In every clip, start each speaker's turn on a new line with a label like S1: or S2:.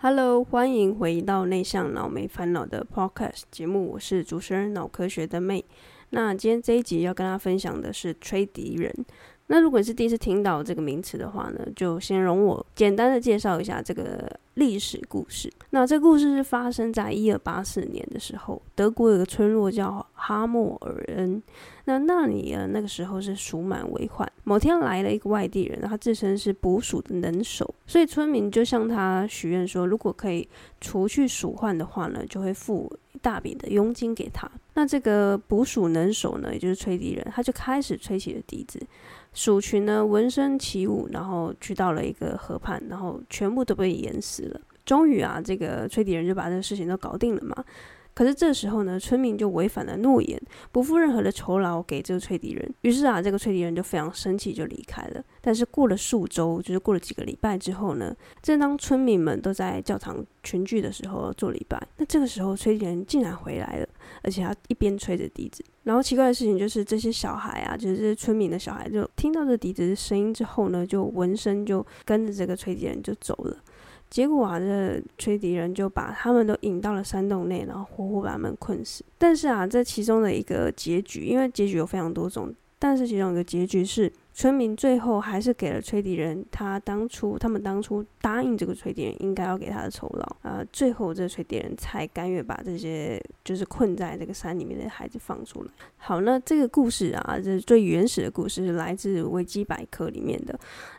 S1: Hello，歡迎回到內向腦沒煩惱的 Podcast 節目，我是主持人腦科學的 May。那今天這一集要跟大家分享的是吹笛人。那如果你是第一次聽到這個名詞的話呢，就先容我簡單的介紹一下這個歷史故事。那這故事是發生在一二八四年的時候，德國有個村落叫。哈默爾恩，那那裡啊，那個時候是鼠滿為患。某天來了一個外地人，他自稱是捕鼠的能手，所以村民就向他許願說，如果可以除去鼠患的話呢，就會付一大筆的佣金給他。那這個捕鼠能手呢，也就是吹笛人，他就開始吹起了笛子，鼠群呢聞聲起舞，然後去到了一個河畔，然後全部都被淹死了。終於啊，這個吹笛人就把這個事情都搞定了嘛。可是這時候呢，村民就違反了諾言，不付任何的酬勞給這個吹笛人。於是啊，這個吹笛人就非常生氣，就離開了。但是過了數週，就是過了幾個禮拜之後呢，正當村民們都在教堂群聚的時候做禮拜，那這個時候吹笛人竟然回來了，而且他一邊吹着笛子，然後奇怪的事情就是這些小孩啊，就是這些村民的小孩，就聽到這笛子的聲音之後呢，就聞聲就跟着這個吹笛人就走了。結果啊，這吹笛人，就把他們都引到了山洞內，然後活活把他們困死。但是啊，這其中的一個結局，因為結局有非常多種，但是其中一個結局是，村民最後還是給了吹笛人他當初他們當初答應這個吹笛人應該要給他的酬勞啊、呃，最後這個吹笛人才甘願把這些就是困在這個山裡面的孩子放出來。好，那這個故事啊，這、就是、最原始的故事，是來自維基百科裡面的。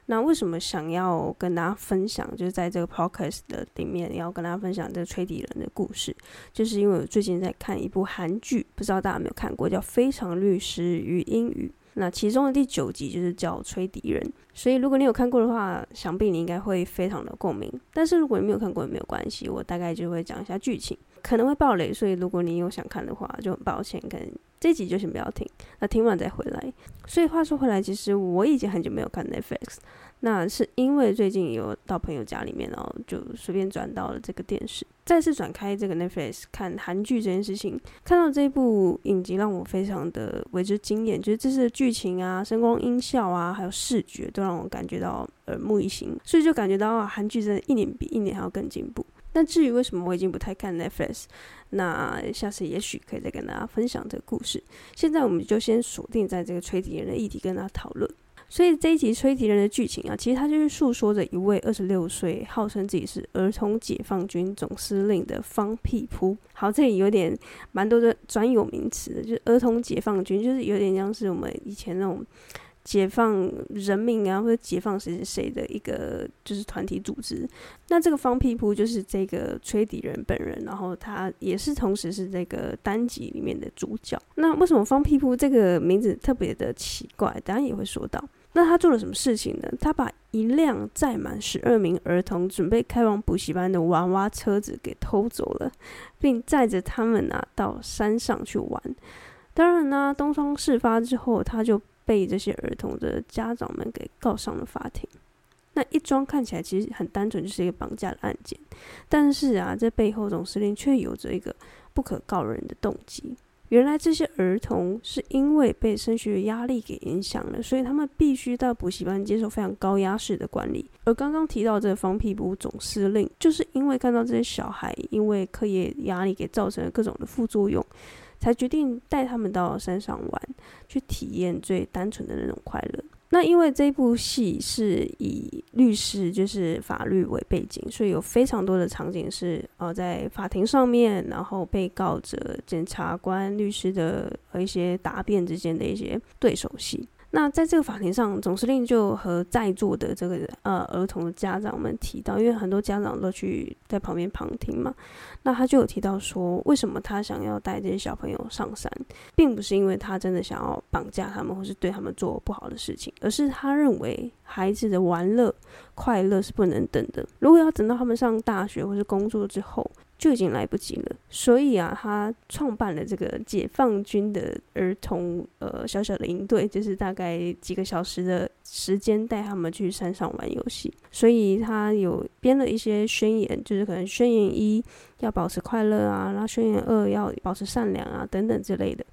S1: 那為什麼想要跟大家分享，就是在這個 podcast 的裡面要跟大家分享這個吹笛人的故事，就是因為我最近在看一部韓劇，不知道大家有沒有看過，叫《非常律師禹英禑》。那其中的第九集就是叫《吹笛人》，所以如果你有看過的話，想必你應該會非常的共鳴。但是如果你沒有看過也沒有關係，我大概就會講一下劇情，可能會爆雷，所以如果你有想看的話，就很抱歉。可能。這集就先不要聽，那聽完再回來。所以話說回來，其實我已經很久沒有看 Netflix，那是因為最近有到朋友家裡面，然後就隨便轉到了這個電視，再次轉開這個 Netflix 看韓劇這件事情。看到這一部影集，讓我非常的為之驚艷，就是這次的劇情啊、聲光音效啊，還有視覺都讓我感覺到耳目一新，所以就感覺到啊，韓劇真的一年比一年還要更進步。但至於為什麼我已經不太看 Netflix。那下次也許可以再跟大家分享這個故事。現在我們就先鎖定在這個吹笛人的議題，跟他討論。所以這一集吹笛人的劇情啊，其實他就是訴說着一位二十六歲、號稱自己是兒童解放軍總司令的方屁撲。好，這裡有點蠻多的專有名詞的，就是兒童解放軍，就是有點像是我們以前那種。解放人民啊，或者解放誰誰誰的一個就是團體組織。那這個放屁鋪就是這個吹笛人本人，然後他也是同時是這個單集裡面的主角。那為什麼放屁鋪這個名字特別的奇怪？當然也會說到。那他做了什麼事情呢？他把一輛載滿十二名兒童準備開往補習班的娃娃車子給偷走了，並載着他們呢、啊、到山上去玩。當然呢、啊，東窗事發之後，他就。被這些兒童的家長們給告上了法庭。那一樁看起來其實很單純，就是一個綁架的案件，但是啊，這背後總司令卻有着一個不可告人的動機。原來這些兒童是因為被升學壓力給影響了，所以他們必須到補習班接受非常高壓式的管理。而剛剛提到的這防皮補總司令，就是因為看到這些小孩因為課業壓力給造成了各種的副作用，才決定帶他們到山上玩，去體驗最單純的那種快樂。那因為這部戲是以律師就是法律為背景，所以有非常多的場景是，呃，在法庭上面，然後被告者、檢察官、律師的和一些答辯之間的一些對手戲。那在這個法庭上，總司令就和在座的這個呃兒童的家長們提到，因為很多家長都去在旁邊旁聽嘛，那他就有提到說，為什麼他想要帶這些小朋友上山，並不是因為他真的想要綁架他們或是對他們做不好的事情，而是他認為孩子的玩樂、快樂是不能等的，如果要等到他們上大學或是工作之後。就已經來不及了，所以啊，他創辦了這個解放軍的兒童呃小小的營隊，就是大概幾個小時的時間帶他們去山上玩遊戲。所以他有編了一些宣言，就是可能宣言一要保持快樂啊，然後宣言二要保持善良啊等等之類的。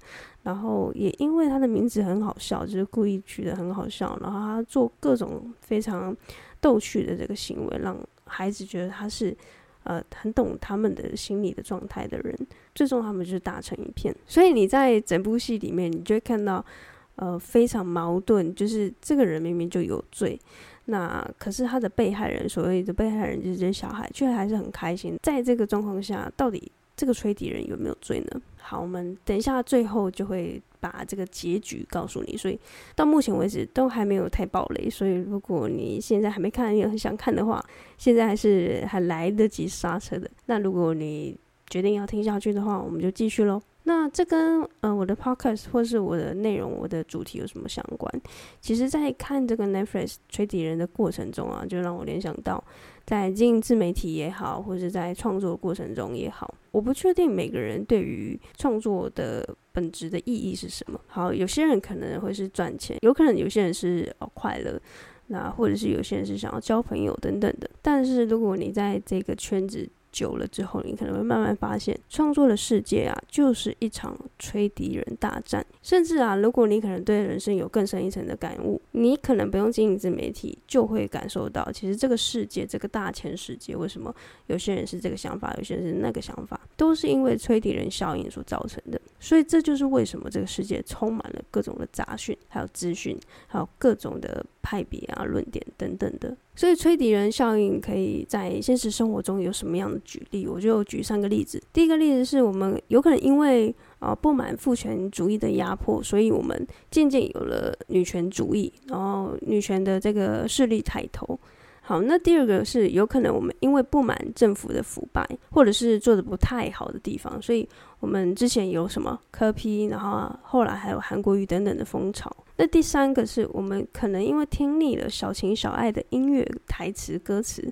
S1: 然後也因為他的名字很好笑，就是故意取得很好笑，然後他做各種非常逗趣的這個行為，讓孩子覺得他是。呃，很懂他們的心理的狀態的人，最終他們就是打成一片。所以你在整部戲裡面，你就會看到，呃，非常矛盾，就是這個人明明就有罪，那可是他的被害人，所謂的被害人就是這些小孩，卻還是很開心。在這個狀況下，到底，這個吹笛人有沒有罪呢？好，我們等一下最後就會把這個結局告訴你。所以到目前為止都還沒有太爆雷，所以如果你現在還沒看，也很想看的話，現在還是還來得及剎車的。那如果你決定要聽下去的話，我們就繼續嘍。那這跟呃我的 podcast 或是我的內容、我的主題有什麼相關？其實，在看這個 Netflix《吹笛人》的過程中啊，就讓我聯想到，在經營自媒體也好，或是在創作過程中也好，我不確定每個人對於創作的本質的意義是什麼。好，有些人可能會是賺錢，有可能有些人是哦快樂，那或者是有些人是想要交朋友等等的。但是如果你在這個圈子，久了之後，你可能會慢慢發現，創作的世界啊，就是一場吹笛人大戰。甚至啊，如果你可能對人生有更深一層的感悟，你可能不用經營自媒體，就會感受到，其實這個世界這個大千世界，為什麼有些人是這個想法，有些人是那個想法，都是因為吹笛人效應所造成的。所以這就是為什麼這個世界充滿了各種的雜訊，還有資訊，還有各種的派別啊、論點等等的。所以吹笛人效應可以在現實生活中有什麼樣的舉例？我就舉三個例子。第一個例子是我們有可能因為啊、呃、不滿父權主義的壓迫，所以我們漸漸有了女權主義，然後女權的這個勢力抬頭。好，那第二個是有可能我們因為不滿政府的腐敗，或者是做的不太好的地方，所以我們之前有什麼柯 P，然後、啊、後來還有韓國瑜等等的風潮。那第三個是我們可能因為聽膩了小情小愛的音樂、台詞、歌詞，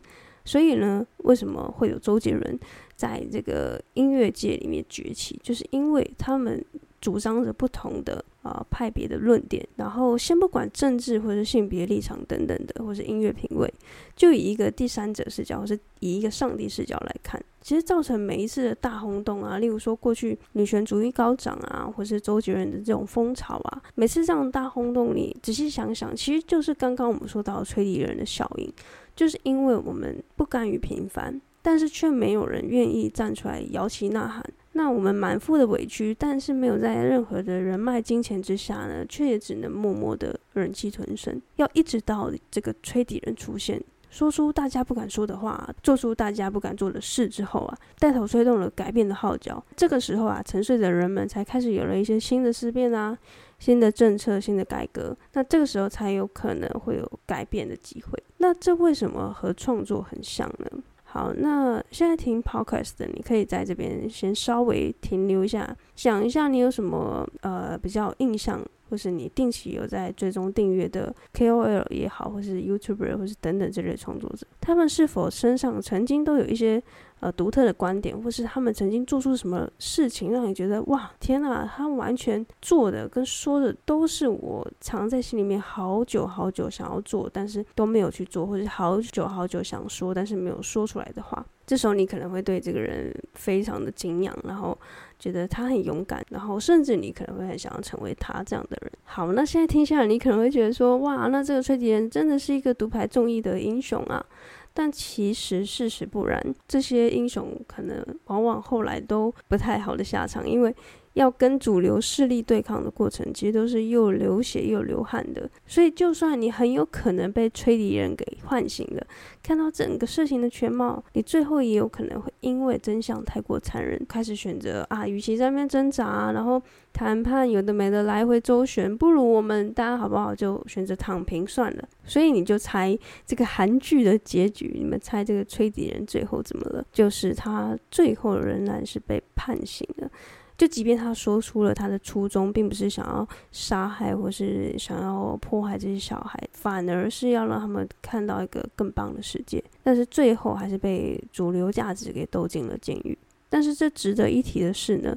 S1: 所以呢，為什麼會有周杰倫在這個音樂界裡面崛起？就是因為他們。主張着不同的呃派別的論點，然後先不管政治或者性別立場等等的，或是音樂品味，就以一個第三者視角，或是以一個上帝視角來看，其實造成每一次的大轟動啊，例如說過去女權主義高漲啊，或是周杰倫的這種風潮啊，每次這樣大轟動，你仔細想想，其實就是剛剛我們說到的吹笛人的效應，就是因為我們不甘於平凡，但是卻沒有人願意站出來搖旗吶喊。那我們滿腹的委屈，但是沒有在任何的人脈、金錢之下呢，卻也只能默默的忍氣吞聲，要一直到這個吹笛人出現，說出大家不敢說的話，做出大家不敢做的事之後啊，帶頭吹動了改變的號角。這個時候啊，沉睡的人們才開始有了一些新的思辨啊，新的政策、新的改革。那這個時候才有可能會有改變的機會。那這為什麼和創作很像呢？好，那現在聽 podcast 的，你可以在這邊先稍微停留一下，想一下你有什麼呃比較印象。就是你定期有在追蹤訂閱的 KOL 也好，或是 YouTuber 或是等等這類創作者，他們是否身上曾經都有一些呃獨特的觀點，或是他們曾經做出什麼事情讓你覺得哇，天哪，他完全做的跟說的都是我藏在心裡面好久好久想要做，但是都沒有去做，或是好久好久想說但是沒有說出來的話，這時候你可能會對這個人非常的敬仰，然後。覺得他很勇敢，然後甚至你可能會很想要成為他這樣的人。好，那現在聽下來你可能會覺得說，哇，那這個吹笛人真的是一個獨排眾議的英雄啊。但其實事實不然，這些英雄可能往往後來都不太好的下場，因為。要跟主流勢力對抗的過程，其實都是又流血又流汗的。所以，就算你很有可能被吹笛人給喚醒了，看到整個事情的全貌，你最後也有可能會因為真相太過殘忍，開始選擇啊，與其在那邊掙扎，然後談判有的沒的來回周旋，不如我們大家好不好，就選擇躺平算了。所以，你就猜這個韓劇的結局，你們猜這個吹笛人最後怎麼了？就是他最後仍然是被判刑了。就即便他說出了他的初衷，並不是想要殺害或是想要迫害這些小孩，反而是要讓他們看到一個更棒的世界。但是最後還是被主流價值給鬥進了監獄。但是這值得一提的是呢，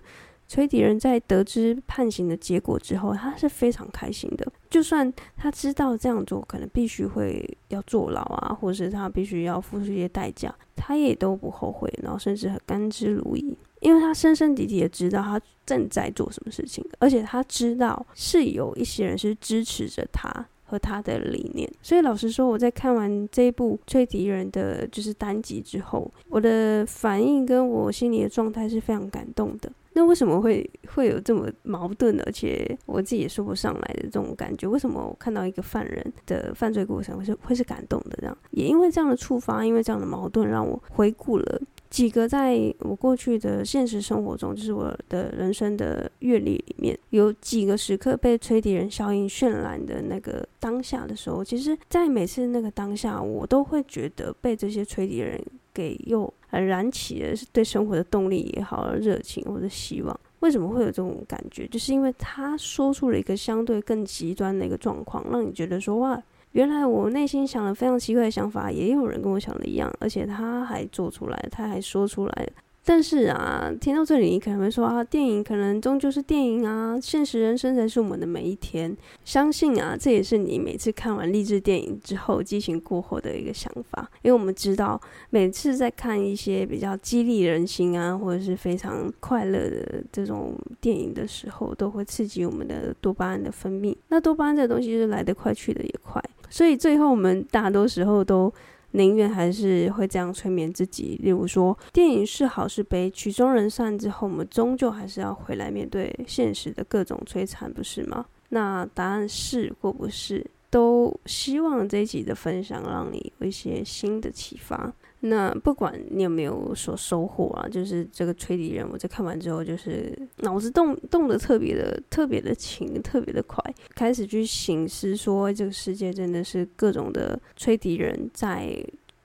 S1: 吹笛人在得知判刑的結果之後，他是非常開心的。就算他知道這樣做可能必須會要坐牢啊，或是他必須要付出一些代價，他也都不後悔，然後甚至甘之如飴。因為他深深底底地知道他正在做什麼事情，而且他知道是有一些人是支持着他，和他的理念，所以老實說，我在看完這一部《吹笛人》的，就是單集之後，我的反應跟我心裡的狀態是非常感動的。那為什麼會會有這麼矛盾，而且我自己也說不上來的這種感覺？為什麼我看到一個犯人的犯罪過程，會是會是感動的？這樣也因為這樣的觸發，因為這樣的矛盾，讓我回顧了。幾個在我過去的現實生活中，就是我的人生的閱歷裡面，有幾個時刻被吹笛人效應渲染的那個當下的時候，其實，在每次那個當下，我都會覺得被這些吹笛人給又燃起了對生活的動力也好、熱情或者希望。為什麼會有這種感覺？就是因為他說出了一個相對更極端的一個狀況，讓你覺得說，哇。原來我內心想的非常奇怪的想法，也有人跟我想的一樣，而且他還做出來，他還說出來。但是啊，聽到這裡，你可能會說啊，電影可能終究是電影啊，現實人生才是我們的每一天。相信啊，這也是你每次看完勵志電影之後激情過後的一個想法。因為我們知道，每次在看一些比較激勵人心啊，或者是非常快樂的這種電影的時候，都會刺激我們的多巴胺的分泌。那多巴胺這個東西就是來得快，去得也快。所以最後，我們大多時候都寧願還是會這樣催眠自己。例如說，電影是好是悲，曲終人散之後，我們終究還是要回來面對現實的各種摧殘，不是嗎？那答案是或不是，都希望這一集的分享讓你有一些新的啟發。那不管你有沒有所收穫啊，就是這個吹笛人，我在看完之後就是。腦子動動得特別的、特別的勤、特別的快，開始去省思說，這個世界真的是各種的吹笛人在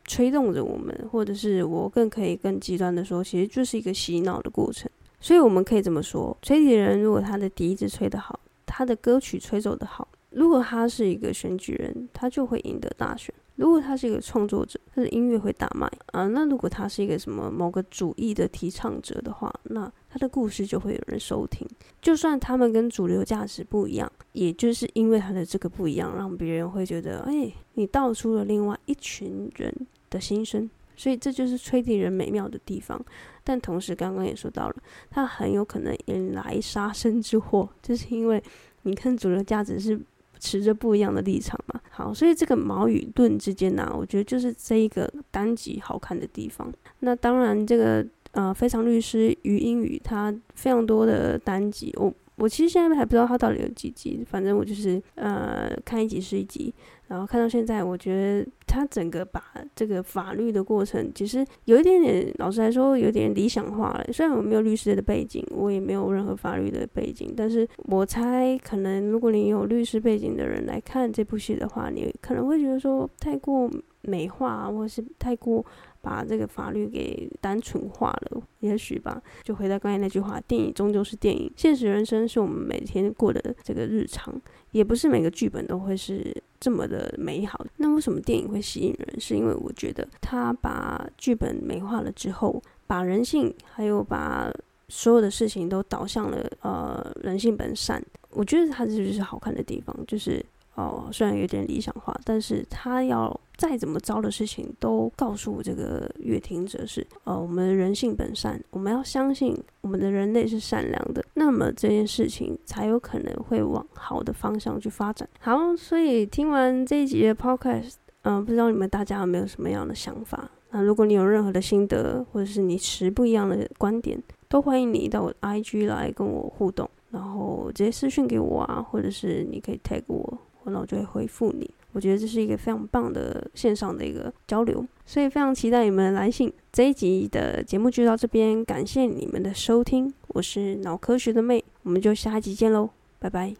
S1: 吹動着我們，或者是我更可以更極端的說，其實就是一個洗腦的過程。所以我們可以這麼說，吹笛人如果他的笛子吹得好，他的歌曲吹奏的好，如果他是一個選舉人，他就會贏得大選。如果他是一個創作者，他的音樂會大賣啊。那如果他是一個什麼某個主義的提倡者的話，那他的故事就會有人收聽。就算他們跟主流價值不一樣，也就是因為他的這個不一樣，讓別人會覺得，哎，你道出了另外一群人的心聲。所以這就是吹笛人美妙的地方。但同時，剛剛也說到了，他很有可能引來殺身之禍，就是因為你看主流價值是持着不一樣的立場嘛，好，所以這個矛與盾之間呢、啊，我覺得就是這一個單集好看的地方。那當然，這個呃，非常律師禹英禑他非常多的單集，我我其實現在還不知道他到底有幾集，反正我就是呃看一集是一集，然後看到現在，我覺得。他整個把這個法律的過程，其實有一點點，老實來說，有點理想化了。雖然我沒有律師的背景，我也沒有任何法律的背景，但是我猜，可能如果你有律師背景的人來看這部戲的話，你可能會覺得說太過美化，或是太過把這個法律給單純化了，也許吧。就回到剛才那句話，電影終究是電影，現實人生是我們每天過的這個日常，也不是每個劇本都會是這麼的美好的。那為什麼電影會？吸引人，是因為我覺得他把劇本美化了之後，把人性還有把所有的事情都導向了呃人性本善。我覺得他這就是好看的地方，就是哦、呃、雖然有點理想化，但是他要再怎麼糟的事情都告訴這個閱聽者是呃，我們人性本善，我們要相信我們的人類是善良的，那麼這件事情才有可能會往好的方向去發展。好，所以聽完這一集的 podcast。嗯，不知道你們大家有沒有什麼樣的想法？那如果你有任何的心得，或者是你持不一樣的觀點，都歡迎你到我的 IG 來跟我互動，然後直接私訊給我啊，或者是你可以 tag 我，我然後就會回復你。我覺得這是一個非常棒的線上的一個交流，所以非常期待你們的來信。這一集的節目就到這邊，感謝你們的收聽，我是腦科學的 May，我們就下一集見嘍，拜拜。